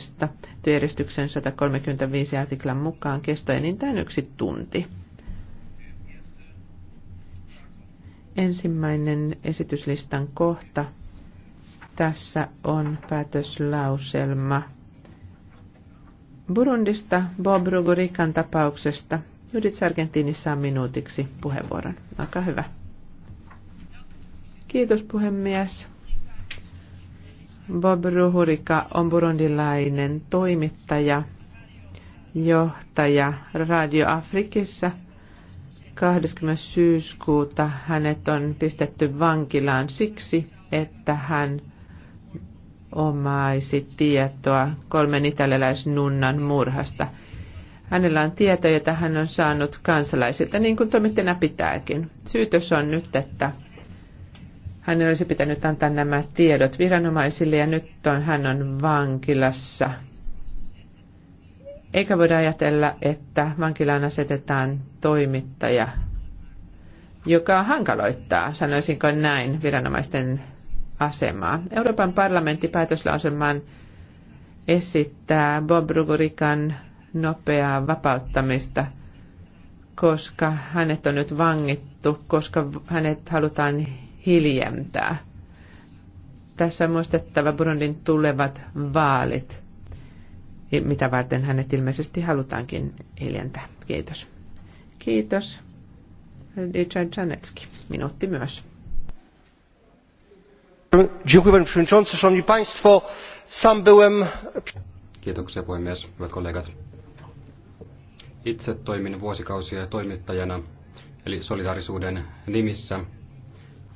Josta työjärjestyksen 135 artiklan mukaan kesto enintään yksi tunti. Ensimmäinen esityslistan kohta. Tässä on päätöslauselma Burundista Bob Rugurikan tapauksesta. Judith Sargentini saa minuutiksi puheenvuoron. Olkaa hyvä. Kiitos puhemies. Bob Ruhurika on burundilainen toimittaja, johtaja Radio Afrikissa. 20. syyskuuta hänet on pistetty vankilaan siksi, että hän omaisi tietoa kolmen italialaisnunnan murhasta. Hänellä on tietoja, jota hän on saanut kansalaisilta, niin kuin toimittajana pitääkin. Syytös on nyt, että hänen olisi pitänyt antaa nämä tiedot viranomaisille ja nyt on, hän on vankilassa. Eikä voida ajatella, että vankilaan asetetaan toimittaja, joka hankaloittaa, sanoisinko näin, viranomaisten asemaa. Euroopan parlamentti päätöslauselman esittää Bob Rugurikan nopeaa vapauttamista, koska hänet on nyt vangittu, koska hänet halutaan hiljentää. Tässä on muistettava Burundin tulevat vaalit, mitä varten hänet ilmeisesti halutaankin hiljentää. Kiitos. Kiitos. Richard Janetski, minuutti myös. państwo! Sam byłem... Kiitoksia puhemies, hyvät kollegat. Itse toimin vuosikausia toimittajana, eli solidaarisuuden nimissä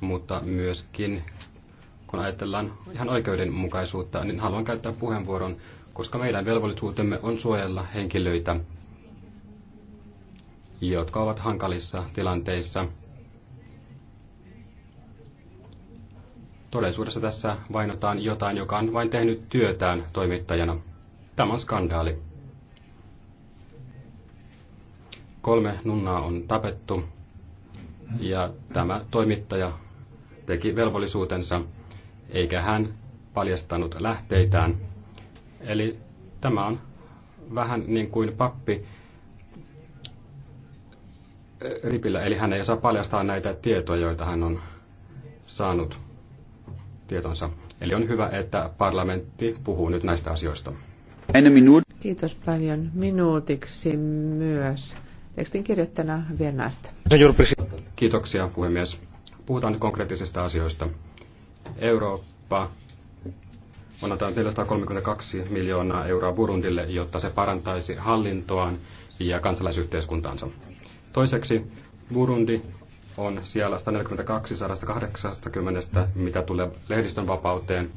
mutta myöskin kun ajatellaan ihan oikeudenmukaisuutta, niin haluan käyttää puheenvuoron, koska meidän velvollisuutemme on suojella henkilöitä, jotka ovat hankalissa tilanteissa. Todellisuudessa tässä vainotaan jotain, joka on vain tehnyt työtään toimittajana. Tämä on skandaali. Kolme nunnaa on tapettu ja tämä toimittaja teki velvollisuutensa, eikä hän paljastanut lähteitään. Eli tämä on vähän niin kuin pappi eh, ripillä, eli hän ei saa paljastaa näitä tietoja, joita hän on saanut tietonsa. Eli on hyvä, että parlamentti puhuu nyt näistä asioista. Kiitos paljon. Minuutiksi myös. Tekstin kirjoittajana Viennart. Kiitoksia, puhemies. Puhutaan nyt konkreettisista asioista. Eurooppa on antanut 432 miljoonaa euroa Burundille, jotta se parantaisi hallintoaan ja kansalaisyhteiskuntaansa. Toiseksi Burundi on siellä 142 180, mitä tulee lehdistön vapauteen,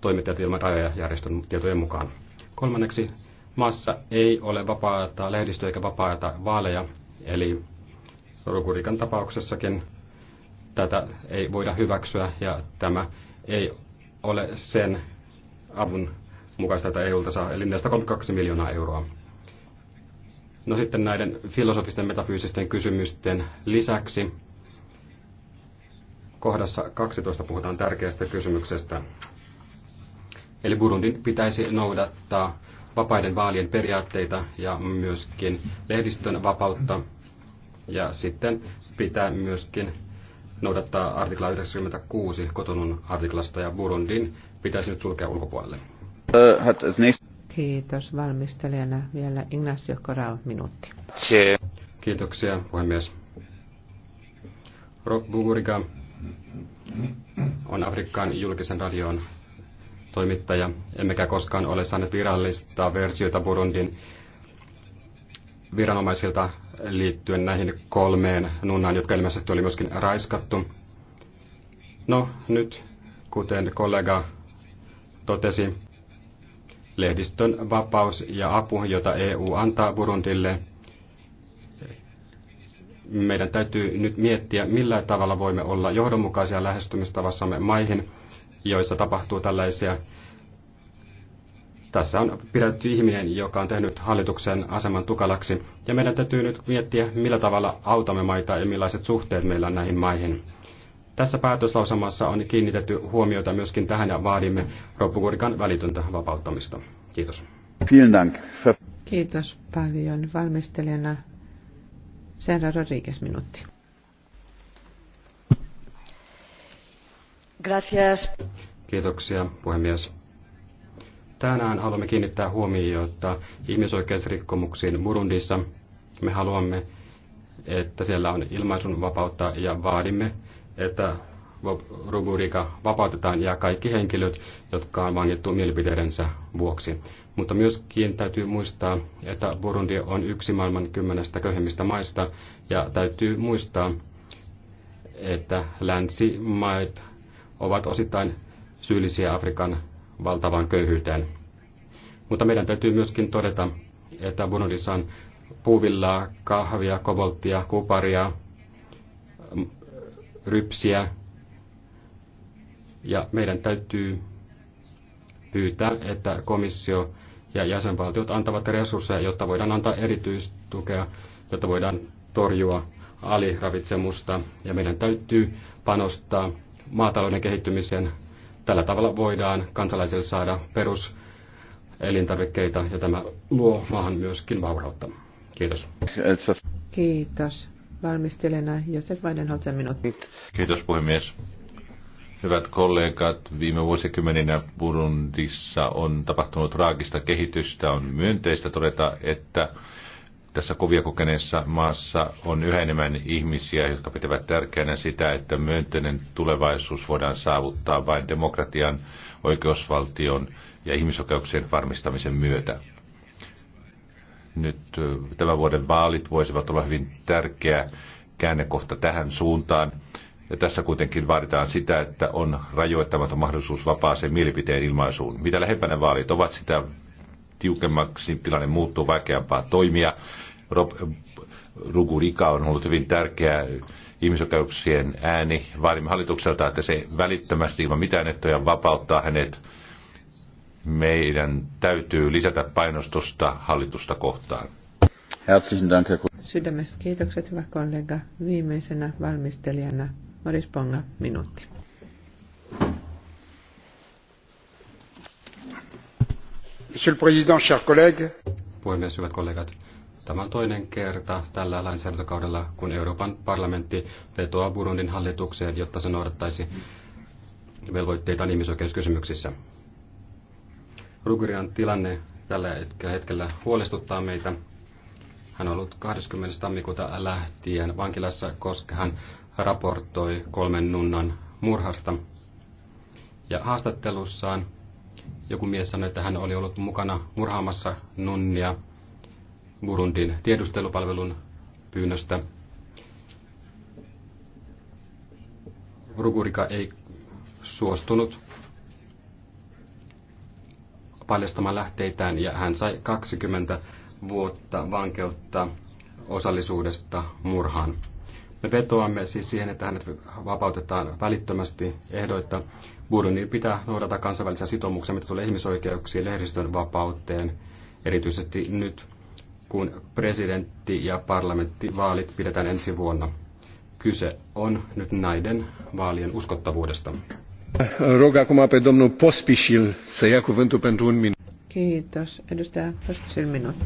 toimittajat ilman rajoja järjestön tietojen mukaan. Kolmanneksi, maassa ei ole vapaata lehdistöä eikä vapaata vaaleja, eli Rukurikan tapauksessakin tätä ei voida hyväksyä ja tämä ei ole sen avun mukaista, että EUlta saa, eli 432 miljoonaa euroa. No sitten näiden filosofisten metafyysisten kysymysten lisäksi kohdassa 12 puhutaan tärkeästä kysymyksestä. Eli Burundin pitäisi noudattaa vapaiden vaalien periaatteita ja myöskin lehdistön vapautta ja sitten pitää myöskin noudattaa artikla 96 kotonun artiklasta ja Burundin pitäisi nyt sulkea ulkopuolelle. Kiitos valmistelijana vielä Ignacio Corao minuutti. Kiitoksia puhemies. Rob Buguriga on Afrikan julkisen radion toimittaja, emmekä koskaan ole saaneet virallista versiota Burundin viranomaisilta liittyen näihin kolmeen nunnaan, jotka ilmeisesti oli myöskin raiskattu. No nyt, kuten kollega totesi, lehdistön vapaus ja apu, jota EU antaa Burundille, meidän täytyy nyt miettiä, millä tavalla voimme olla johdonmukaisia lähestymistavassamme maihin, joissa tapahtuu tällaisia tässä on pidetty ihminen, joka on tehnyt hallituksen aseman tukalaksi, ja meidän täytyy nyt miettiä, millä tavalla autamme maita ja millaiset suhteet meillä on näihin maihin. Tässä päätöslausamassa on kiinnitetty huomiota myöskin tähän ja vaadimme Roppukurikan välitöntä vapauttamista. Kiitos. Kiitos paljon. Valmistelijana Sandra Rodriguez minuutti. Gracias. Kiitoksia, puhemies. Tänään haluamme kiinnittää huomiota ihmisoikeusrikkomuksiin Burundissa. Me haluamme, että siellä on ilmaisun vapautta ja vaadimme, että Rugurika vapautetaan ja kaikki henkilöt, jotka on vangittu mielipiteidensä vuoksi. Mutta myöskin täytyy muistaa, että Burundi on yksi maailman kymmenestä köyhimmistä maista ja täytyy muistaa, että länsimaat ovat osittain syyllisiä Afrikan valtavaan köyhyyteen. Mutta meidän täytyy myöskin todeta, että Bunodissa on puuvillaa, kahvia, kobolttia, kuparia, rypsiä. Ja meidän täytyy pyytää, että komissio ja jäsenvaltiot antavat resursseja, jotta voidaan antaa erityistukea, jotta voidaan torjua aliravitsemusta. Ja meidän täytyy panostaa maatalouden kehittymiseen, Tällä tavalla voidaan kansalaisille saada perus elintarvikkeita ja tämä luo maahan myöskin vaurautta. Kiitos. Kiitos. Valmistelena Josef Weidenholzen minuutit. Kiitos puhemies. Hyvät kollegat, viime vuosikymmeninä Burundissa on tapahtunut traagista kehitystä. On myönteistä todeta, että tässä kovia kokeneessa maassa on yhä enemmän ihmisiä, jotka pitävät tärkeänä sitä, että myönteinen tulevaisuus voidaan saavuttaa vain demokratian, oikeusvaltion ja ihmisoikeuksien varmistamisen myötä. Nyt tämän vuoden vaalit voisivat olla hyvin tärkeä käännekohta tähän suuntaan. Ja tässä kuitenkin vaaditaan sitä, että on rajoittamaton mahdollisuus vapaaseen mielipiteen ilmaisuun. Mitä lähempänä vaalit ovat, sitä tiukemmaksi, tilanne muuttuu, vaikeampaa toimia. Rob, Rugurika on ollut hyvin tärkeä ihmisoikeuksien ääni. Vaadimme hallitukselta, että se välittömästi ilman mitään ehtoja vapauttaa hänet. Meidän täytyy lisätä painostusta hallitusta kohtaan. Sydämestä kiitokset, hyvä kollega. Viimeisenä valmistelijana Maris Ponga, minuutti. Monsieur le Président, chers collègues. Puhemies, hyvät kollegat. Tämä on toinen kerta tällä lainsäädäntökaudella, kun Euroopan parlamentti vetoaa Burundin hallitukseen, jotta se noudattaisi velvoitteita ihmisoikeuskysymyksissä. Rugurian tilanne tällä hetkellä huolestuttaa meitä. Hän on ollut 20. tammikuuta lähtien vankilassa, koska hän raportoi kolmen nunnan murhasta. Ja haastattelussaan joku mies sanoi, että hän oli ollut mukana murhaamassa nunnia Burundin tiedustelupalvelun pyynnöstä. Rugurika ei suostunut paljastamaan lähteitään ja hän sai 20 vuotta vankeutta osallisuudesta murhaan. Me vetoamme siis siihen, että hänet vapautetaan välittömästi ehdoitta. Burundi pitää noudata kansainvälisiä sitoumuksia, mitä tulee ihmisoikeuksiin, lehdistön vapauteen, erityisesti nyt, kun presidentti- ja parlamenttivaalit pidetään ensi vuonna. Kyse on nyt näiden vaalien uskottavuudesta. Rog pe domnul Pospisil să ia cuvântul pentru un minut. Kiitos. Edustaja Hoskosen minuutti.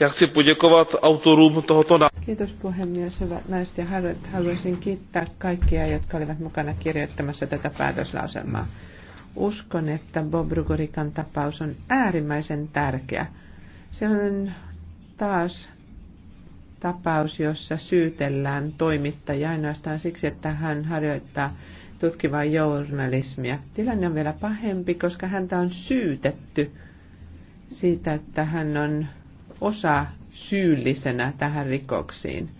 Ja chci poděkovat autorům tohoto Kiitos puhemies. Hyvät naiset ja herrat. Haluaisin kiittää kaikkia, jotka olivat mukana kirjoittamassa tätä päätöslauselmaa. Uskon, että Bob Rugorikan tapaus on äärimmäisen tärkeä. Se on taas tapaus, jossa syytellään toimittajia ainoastaan siksi, että hän harjoittaa tutkivaa journalismia. Tilanne on vielä pahempi, koska häntä on syytetty siitä, että hän on osa syyllisenä tähän rikoksiin.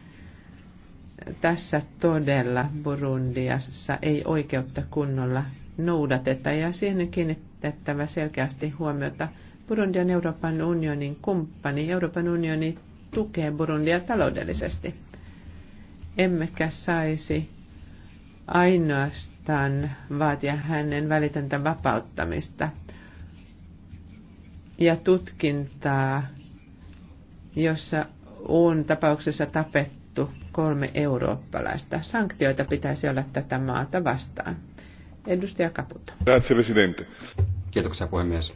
Tässä todella Burundiassa ei oikeutta kunnolla noudateta ja siihen kiinnitettävä selkeästi huomiota. Burundi on Euroopan unionin kumppani. Euroopan unioni tukee Burundia taloudellisesti. Emmekä saisi ainoastaan vaatia hänen välitöntä vapauttamista – ja tutkintaa, jossa on tapauksessa tapettu kolme eurooppalaista. Sanktioita pitäisi olla tätä maata vastaan. Edustaja Kaputo. Kiitoksia puhemies.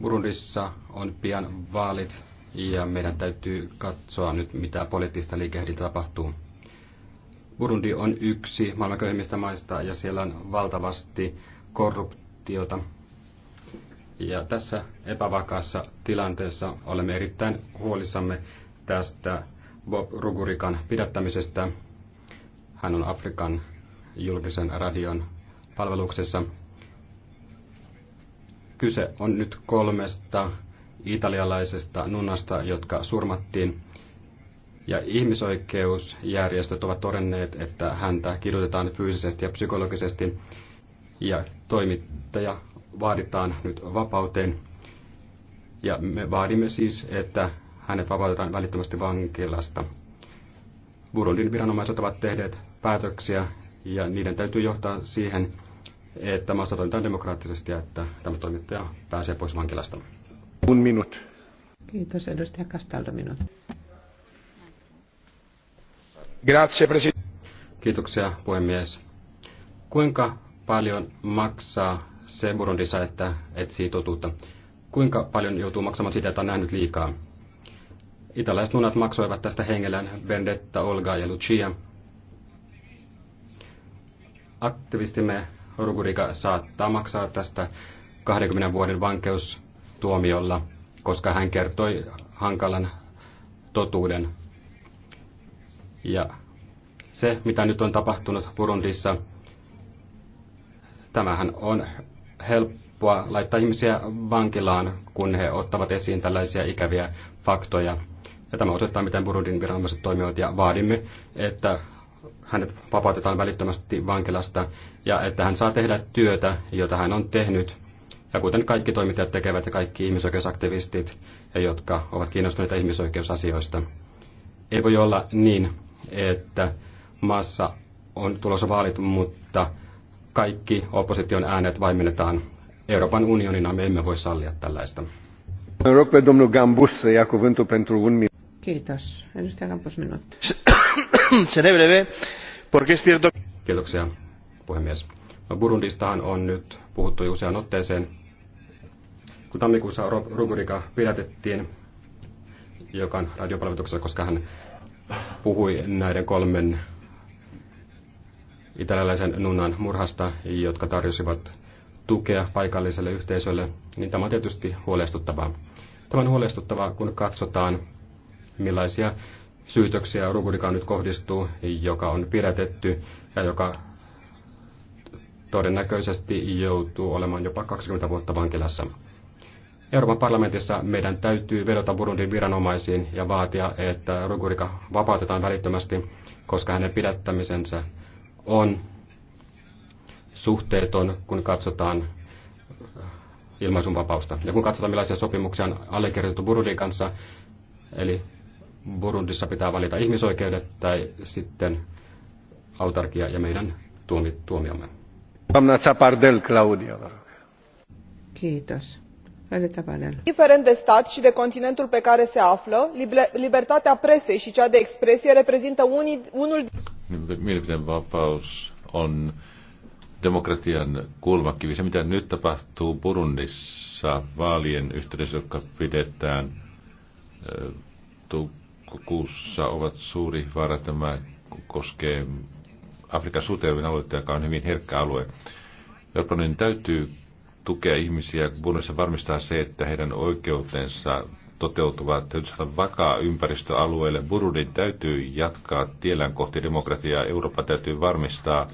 Burundissa on pian vaalit ja meidän täytyy katsoa nyt, mitä poliittista liikehdintä tapahtuu. Burundi on yksi maailman köyhimmistä maista ja siellä on valtavasti korruptiota ja tässä epävakaassa tilanteessa olemme erittäin huolissamme tästä Bob Rugurikan pidättämisestä. Hän on Afrikan julkisen radion palveluksessa. Kyse on nyt kolmesta italialaisesta nunnasta, jotka surmattiin. Ja ihmisoikeusjärjestöt ovat todenneet, että häntä kidutetaan fyysisesti ja psykologisesti. Ja toimittaja vaaditaan nyt vapauteen. Ja me vaadimme siis, että hänet vapautetaan välittömästi vankilasta. Burundin viranomaiset ovat tehneet päätöksiä ja niiden täytyy johtaa siihen, että maassa toimitaan demokraattisesti ja että tämä toimittaja pääsee pois vankilasta. Un minut. Kiitos edustaja Castaldo minut. Grazie, Kiitoksia puhemies. Kuinka paljon maksaa se Burundissa, että etsii totuutta. Kuinka paljon joutuu maksamaan siitä, että on nähnyt liikaa? Italaiset nunat maksoivat tästä hengellään Bendetta Olga ja Lucia. Aktivistimme Rugurika saattaa maksaa tästä 20 vuoden vankeustuomiolla, koska hän kertoi hankalan totuuden. Ja se, mitä nyt on tapahtunut Burundissa, tämähän on helppoa laittaa ihmisiä vankilaan, kun he ottavat esiin tällaisia ikäviä faktoja. Ja tämä osoittaa, miten Burundin viranomaiset toimivat ja vaadimme, että hänet vapautetaan välittömästi vankilasta ja että hän saa tehdä työtä, jota hän on tehnyt. Ja kuten kaikki toimittajat tekevät ja kaikki ihmisoikeusaktivistit, ja jotka ovat kiinnostuneita ihmisoikeusasioista. Ei voi olla niin, että maassa on tulossa vaalit, mutta kaikki opposition äänet vaimennetaan. Euroopan unionina me emme voi sallia tällaista. Kiitos. Edustaja Gambus, minuutti. porque es cierto... Kiitoksia, puhemies. No, Burundistaan on nyt puhuttu jo useaan otteeseen. Kun tammikuussa Rugurika pidätettiin, joka on radiopalveluksessa, koska hän puhui näiden kolmen italialaisen nunnan murhasta, jotka tarjosivat tukea paikalliselle yhteisölle, niin tämä on tietysti huolestuttavaa. Tämä on huolestuttavaa, kun katsotaan, millaisia syytöksiä Rugurikaan nyt kohdistuu, joka on pidätetty ja joka todennäköisesti joutuu olemaan jopa 20 vuotta vankilassa. Euroopan parlamentissa meidän täytyy vedota Burundin viranomaisiin ja vaatia, että Rugurika vapautetaan välittömästi, koska hänen pidättämisensä on suhteeton, kun katsotaan äh, ilmaisunvapausta. Ja kun katsotaan, millaisia sopimuksia on allekirjoitettu Burundin kanssa, eli Burundissa pitää valita ihmisoikeudet tai sitten autarkia ja meidän tuomi, tuomiomme. Kiitos. Indiferent de stat și de continentul pe care se află, libertatea presei și cea de expresie reprezintă unul mielipiteen vapaus on demokratian kulmakivi. Se, mitä nyt tapahtuu Burundissa vaalien yhteydessä, jotka pidetään kuussa, ovat suuri vaara. Tämä koskee Afrikan suhteellinen aluetta, joka on hyvin herkkä alue. Euroopan täytyy tukea ihmisiä Burundissa varmistaa se, että heidän oikeutensa toteutuvat, täytyy saada vakaa ympäristöalueelle alueelle. Burundin täytyy jatkaa tiellään kohti demokratiaa. Eurooppa täytyy varmistaa,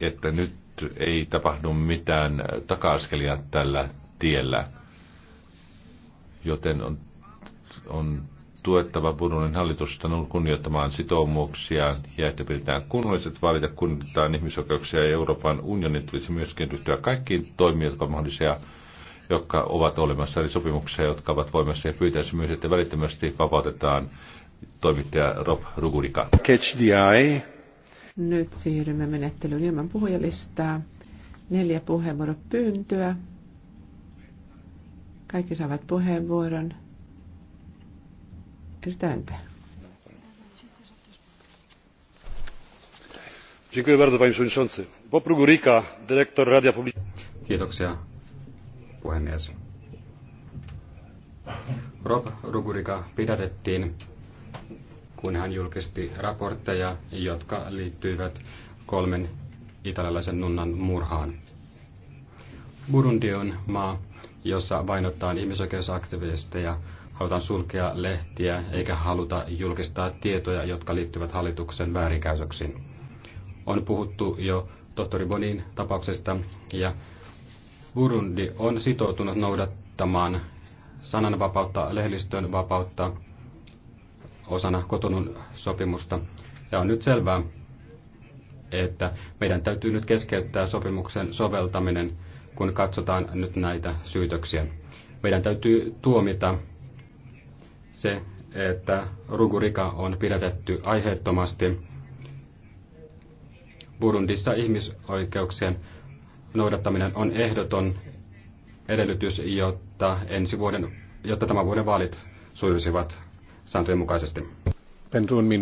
että nyt ei tapahdu mitään taka-askelia tällä tiellä. Joten on, on tuettava Burundin hallitusta kunnioittamaan sitoumuksia ja että pidetään kunnolliset vaalit ja kunnioitetaan ihmisoikeuksia ja Euroopan unionin tulisi myöskin ryhtyä kaikkiin toimiin, jotka mahdollisia jotka ovat olemassa, eli sopimuksia, jotka ovat voimassa, ja pyytäisi myös, että välittömästi vapautetaan toimittaja Rob Rugurika. Catch the eye. Nyt siirrymme menettelyyn ilman puhujalistaa. Neljä puheenvuoropyyntöä. Kaikki saavat puheenvuoron. Edustaja Dziękuję bardzo, panie przewodniczący. Bob dyrektor Radia Publicznego. Kiitoksia, puhemies. Rob Rugurika pidätettiin, kun hän julkisti raportteja, jotka liittyivät kolmen italialaisen nunnan murhaan. Burundi on maa, jossa vainotaan ihmisoikeusaktivisteja, halutaan sulkea lehtiä eikä haluta julkistaa tietoja, jotka liittyvät hallituksen väärinkäytöksiin. On puhuttu jo tohtori Bonin tapauksesta ja Burundi on sitoutunut noudattamaan sananvapautta, lehdistön vapautta osana kotonun sopimusta. Ja on nyt selvää, että meidän täytyy nyt keskeyttää sopimuksen soveltaminen, kun katsotaan nyt näitä syytöksiä. Meidän täytyy tuomita se, että Rugurika on pidätetty aiheettomasti. Burundissa ihmisoikeuksien noudattaminen on ehdoton edellytys, jotta, ensi vuoden, jotta tämän vuoden vaalit sujuisivat sääntöjen mukaisesti.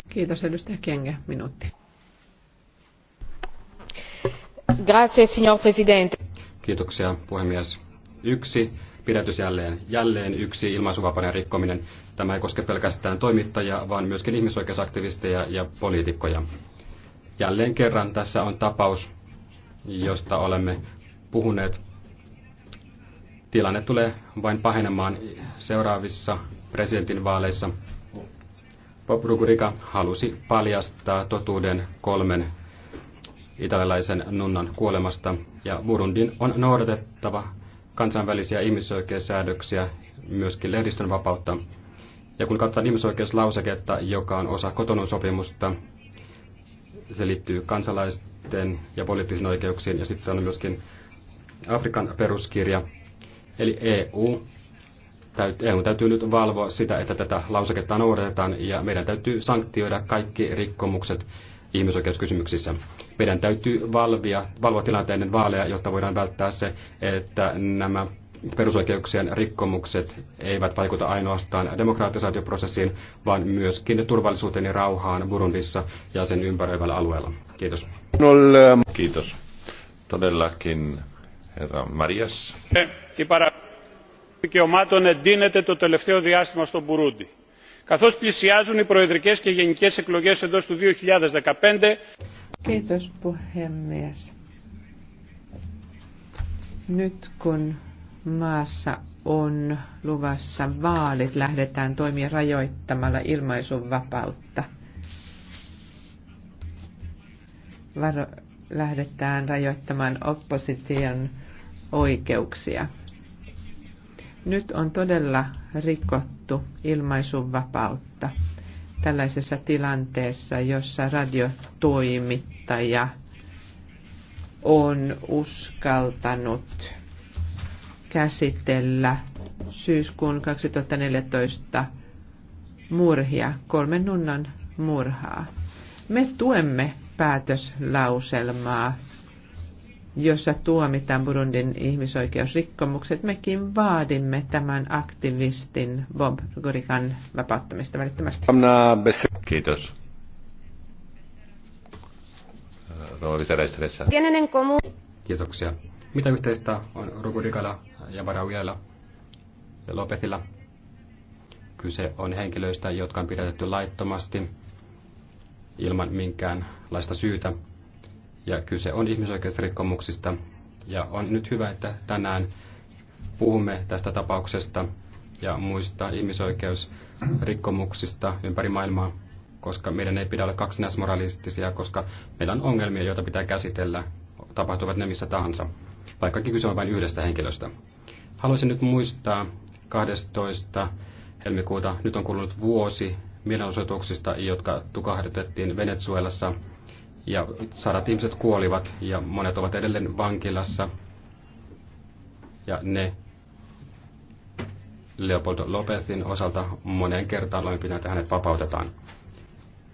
Kiitos edustaja Kenge, minuutti. Grazie, signor Presidente. Kiitoksia, puhemies. Yksi pidätys jälleen. Jälleen yksi ilmaisuvapauden rikkominen. Tämä ei koske pelkästään toimittajia, vaan myöskin ihmisoikeusaktivisteja ja poliitikkoja. Jälleen kerran tässä on tapaus, josta olemme puhuneet. Tilanne tulee vain pahenemaan seuraavissa presidentinvaaleissa. Bob Rugurika halusi paljastaa totuuden kolmen italialaisen nunnan kuolemasta, ja Burundin on noudatettava kansainvälisiä ihmisoikeussäädöksiä, myöskin lehdistön vapautta. Ja kun katsotaan ihmisoikeuslauseketta, joka on osa kotonun sopimusta, se liittyy kansalaisten oikeuteen ja poliittisiin oikeuksiin, ja sitten on myöskin Afrikan peruskirja. Eli EU, EU täytyy nyt valvoa sitä, että tätä lauseketta noudatetaan, ja meidän täytyy sanktioida kaikki rikkomukset ihmisoikeuskysymyksissä. Meidän täytyy valvia, valvoa tilanteiden vaaleja, jotta voidaan välttää se, että nämä perusoikeuksien rikkomukset eivät vaikuta ainoastaan demokraattisaatioprosessiin, vaan myöskin turvallisuuteen ja rauhaan Burundissa ja sen ympäröivällä alueella. Kiitos. Kiitos. Todellakin, herra Marias. Η παραβίαση δικαιωμάτων εντείνεται το τελευταίο διάστημα στο Μπουρούντι. Καθώς πλησιάζουν οι προεδρικές και γενικές εκλογές εντός του 2015... Kiitos puhemies. Nyt kun maassa on luvassa vaalit, lähdetään toimia rajoittamalla ilmaisuvapautta, Varo, lähdetään rajoittamaan opposition oikeuksia. Nyt on todella rikottu ilmaisuvapautta tällaisessa tilanteessa, jossa radiotoimittaja on uskaltanut käsitellä syyskuun 2014 murhia, kolmen nunnan murhaa. Me tuemme päätöslauselmaa, jossa tuomitaan Burundin ihmisoikeusrikkomukset. Mekin vaadimme tämän aktivistin Bob Gorikan vapauttamista välittömästi. Kiitos. Kiitoksia. Mitä yhteistä on Rogurikalla ja Barawialla ja Lopetilla. Kyse on henkilöistä, jotka on pidätetty laittomasti ilman minkäänlaista syytä. Ja kyse on ihmisoikeusrikkomuksista. Ja on nyt hyvä, että tänään puhumme tästä tapauksesta ja muista ihmisoikeusrikkomuksista ympäri maailmaa, koska meidän ei pidä olla kaksinaismoralistisia, koska meillä on ongelmia, joita pitää käsitellä, tapahtuvat ne missä tahansa, vaikkakin kyse on vain yhdestä henkilöstä. Haluaisin nyt muistaa 12. helmikuuta, nyt on kulunut vuosi mielenosoituksista, jotka tukahdutettiin Venezuelassa. Ja sadat ihmiset kuolivat ja monet ovat edelleen vankilassa. Ja ne Leopoldo Lopezin osalta moneen kertaan olemme pitäneet, että hänet vapautetaan.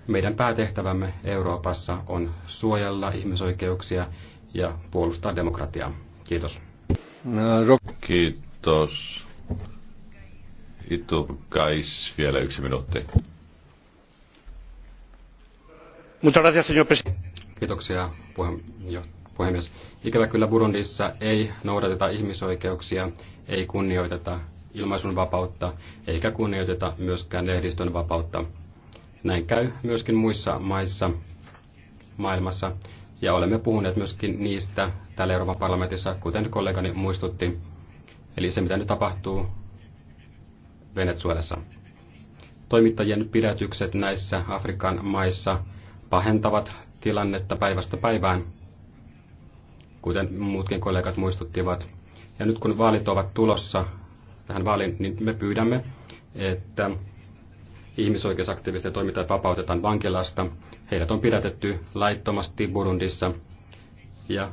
Meidän päätehtävämme Euroopassa on suojella ihmisoikeuksia ja puolustaa demokratiaa. Kiitos. Kiitos. Itu Kais, vielä yksi minuutti. Kiitoksia puhemies. Ikävä kyllä Burundissa ei noudateta ihmisoikeuksia, ei kunnioiteta ilmaisunvapautta eikä kunnioiteta myöskään lehdistön vapautta. Näin käy myöskin muissa maissa maailmassa. Ja olemme puhuneet myöskin niistä täällä Euroopan parlamentissa, kuten kollegani muistutti. Eli se, mitä nyt tapahtuu Venezuelassa. Toimittajien pidätykset näissä Afrikan maissa pahentavat tilannetta päivästä päivään, kuten muutkin kollegat muistuttivat. Ja nyt kun vaalit ovat tulossa tähän vaaliin, niin me pyydämme, että ihmisoikeusaktiivisten toimintaa vapautetaan vankilasta. Heidät on pidätetty laittomasti Burundissa ja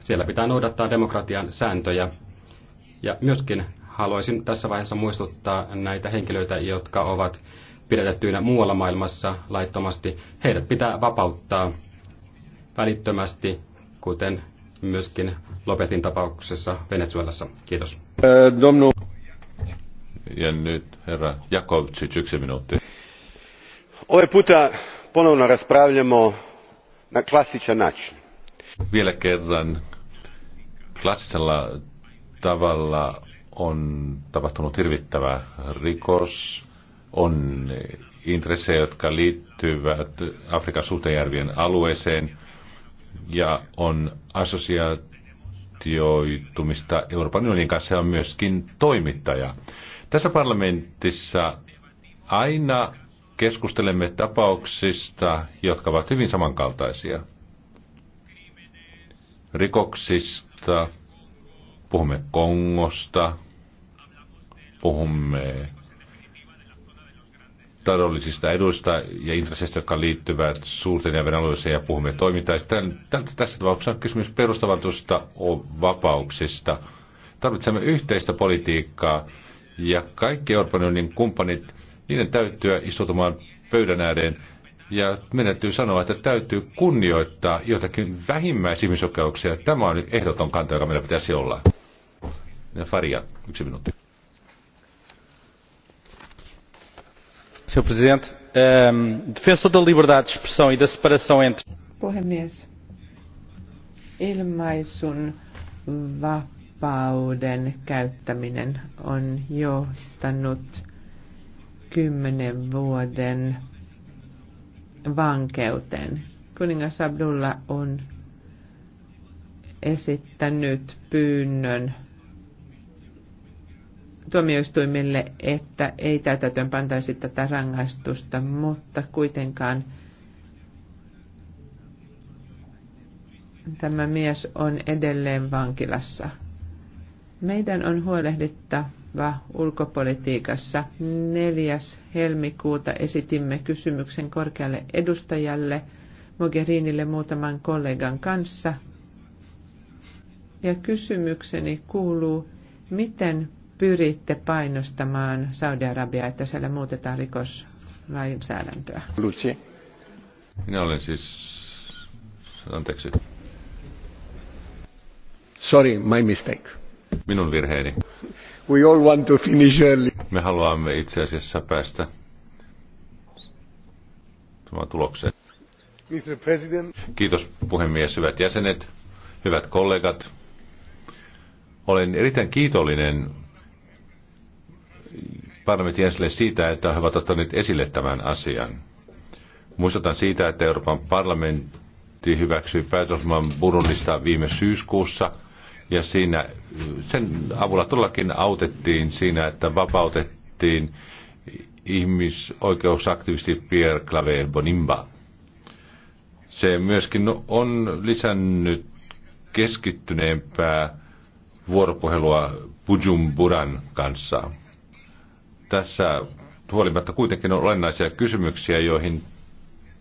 siellä pitää noudattaa demokratian sääntöjä. Ja myöskin haluaisin tässä vaiheessa muistuttaa näitä henkilöitä, jotka ovat pidätettyinä muualla maailmassa laittomasti. Heidät pitää vapauttaa välittömästi, kuten myöskin Lopetin tapauksessa Venezuelassa. Kiitos. Domnu. Ja nyt herra Jakovčić, yksi minuutti. Ove puta ponovno raspravljamo na klasičan način. Vielä kerran klassisella tavalla on tapahtunut hirvittävä rikos, on intressejä, jotka liittyvät Afrikan suhteenjärvien alueeseen ja on assosiaatioitumista Euroopan unionin kanssa ja on myöskin toimittaja. Tässä parlamentissa aina keskustelemme tapauksista, jotka ovat hyvin samankaltaisia. Rikoksista, puhumme Kongosta, puhumme taloudellisista eduista ja intresseistä, jotka liittyvät suurten ja venäläiseen ja puhumme toimintaista. Tältä, tässä tapauksessa on kysymys perustavantusta vapauksista. Tarvitsemme yhteistä politiikkaa, ja kaikki Euroopan unionin kumppanit, niiden täytyy istutumaan pöydän ääreen ja meidän täytyy sanoa, että täytyy kunnioittaa jotakin vähimmäisihmisoikeuksia. Tämä on ehdoton kanta, joka meillä pitäisi olla. Ja Faria, yksi minuutti. Senhor Presidente, um, ehm, defensor da liberdade de expressão e da separação entre... Puhemies, ilmaisun vapaus vapauden käyttäminen on johtanut kymmenen vuoden vankeuteen. Kuningas Abdullah on esittänyt pyynnön tuomioistuimille, että ei täytäntöön pantaisi tätä rangaistusta, mutta kuitenkaan tämä mies on edelleen vankilassa. Meidän on huolehdittava ulkopolitiikassa. 4. helmikuuta esitimme kysymyksen korkealle edustajalle Mogherinille muutaman kollegan kanssa. Ja kysymykseni kuuluu, miten pyritte painostamaan Saudi-Arabiaa, että siellä muutetaan rikoslainsäädäntöä? Luci. Minä olen siis... Anteeksi. Sorry, my mistake minun virheeni. We all want to finish early. Me haluamme itse asiassa päästä samaan tulokseen. Mr. President. Kiitos puhemies, hyvät jäsenet, hyvät kollegat. Olen erittäin kiitollinen parlamentin jäsenille siitä, että he ovat ottaneet esille tämän asian. Muistutan siitä, että Euroopan parlamentti hyväksyi päätösman Burundista viime syyskuussa – ja siinä, sen avulla todellakin autettiin siinä, että vapautettiin ihmisoikeusaktivisti Pierre Clave Bonimba. Se myöskin on lisännyt keskittyneempää vuoropuhelua Bujumburan kanssa. Tässä huolimatta kuitenkin on olennaisia kysymyksiä, joihin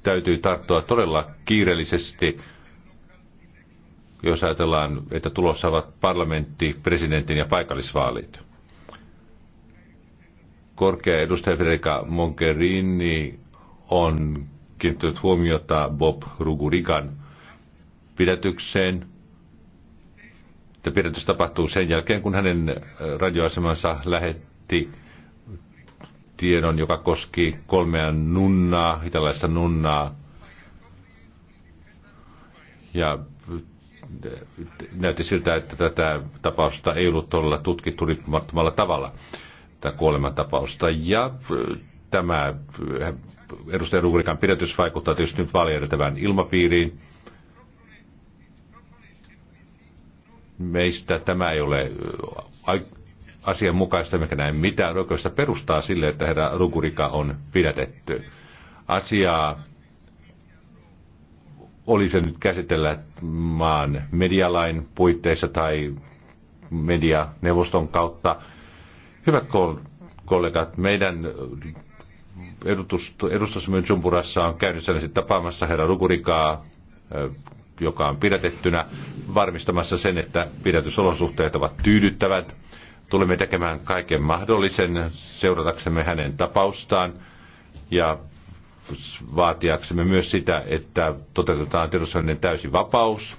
täytyy tarttua todella kiireellisesti – jos ajatellaan, että tulossa ovat parlamentti, presidentin ja paikallisvaalit. Korkea edustaja Federica Mogherini on kiinnittänyt huomiota Bob Rugurigan pidätykseen. Tämä pidätys tapahtuu sen jälkeen, kun hänen äh, radioasemansa lähetti tiedon, joka koski kolmea nunnaa, italaista nunnaa. Ja näytti siltä, että tätä tapausta ei ollut todella tutkittu riippumattomalla tavalla, tätä kuolemantapausta. Ja äh, tämä äh, edustaja Ruurikan pidätys vaikuttaa tietysti nyt vaaliedeltävään ilmapiiriin. Meistä tämä ei ole äh, asianmukaista, mikä näin mitään oikeastaan perustaa sille, että herra Rugurika on pidätetty. Asiaa oli se nyt käsitellä maan medialain puitteissa tai medianeuvoston kautta. Hyvät kollegat, meidän edustusmyyn Sumburassa on käynnissä tapaamassa herra Lukurikaa, joka on pidätettynä, varmistamassa sen, että pidätysolosuhteet ovat tyydyttävät. Tulemme tekemään kaiken mahdollisen seurataksemme hänen tapaustaan ja vaatiaksemme myös sitä, että toteutetaan tiedossainen täysi vapaus.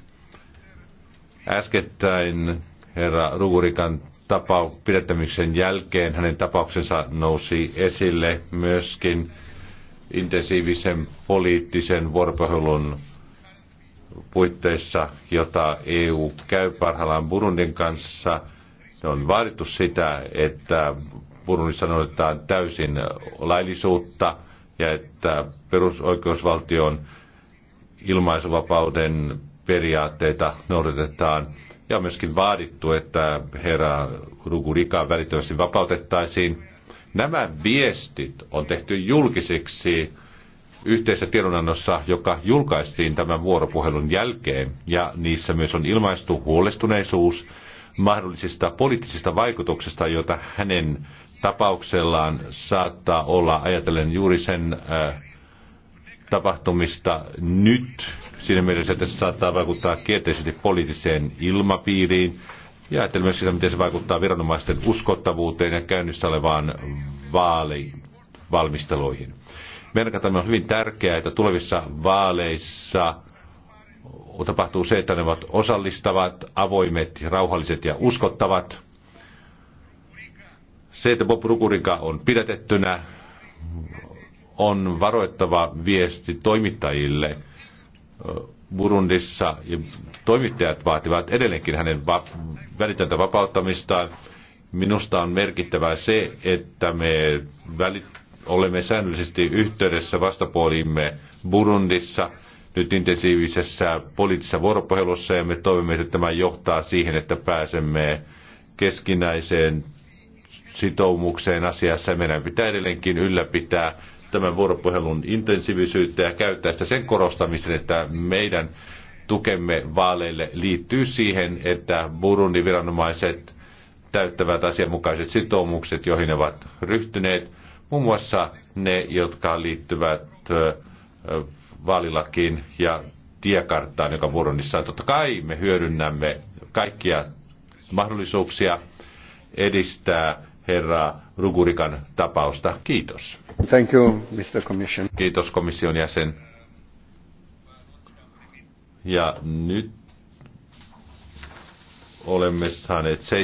Äskettäin herra Ruurikan tapaus jälkeen hänen tapauksensa nousi esille myöskin intensiivisen poliittisen vuoropuhelun puitteissa, jota EU käy parhaillaan Burundin kanssa. On vaadittu sitä, että Burundissa noudatetaan täysin laillisuutta – ja että perusoikeusvaltion ilmaisuvapauden periaatteita noudatetaan. Ja on myöskin vaadittu, että herra Rugurika välittömästi vapautettaisiin. Nämä viestit on tehty julkisiksi yhteisessä tiedonannossa, joka julkaistiin tämän vuoropuhelun jälkeen, ja niissä myös on ilmaistu huolestuneisuus mahdollisista poliittisista vaikutuksista, joita hänen tapauksellaan saattaa olla, ajatellen juuri sen äh, tapahtumista nyt, siinä mielessä, että se saattaa vaikuttaa kielteisesti poliittiseen ilmapiiriin, ja ajatellen myös sitä, miten se vaikuttaa viranomaisten uskottavuuteen ja käynnissä olevaan vaalivalmisteluihin. tämä on hyvin tärkeää, että tulevissa vaaleissa tapahtuu se, että ne ovat osallistavat, avoimet, rauhalliset ja uskottavat – se, että Bob Rukurika on pidätettynä, on varoittava viesti toimittajille Burundissa. Ja toimittajat vaativat edelleenkin hänen va- välitöntä vapauttamistaan. Minusta on merkittävää se, että me välit- olemme säännöllisesti yhteydessä vastapuolimme Burundissa nyt intensiivisessä poliittisessa vuoropuhelussa ja me toivomme, että tämä johtaa siihen, että pääsemme keskinäiseen sitoumukseen asiassa. Meidän pitää edelleenkin ylläpitää tämän vuoropuhelun intensiivisyyttä ja käyttää sitä sen korostamisen, että meidän tukemme vaaleille liittyy siihen, että Burundin viranomaiset täyttävät asianmukaiset sitoumukset, joihin ne ovat ryhtyneet, muun muassa ne, jotka liittyvät vaalilakiin ja tiekarttaan, joka Burundissa on. Totta kai me hyödynnämme kaikkia mahdollisuuksia – edistää herra Rugurikan tapausta. Kiitos. Thank you, Mr. Commission. Kiitos komission jäsen. Ja nyt olemme saaneet seitsemän.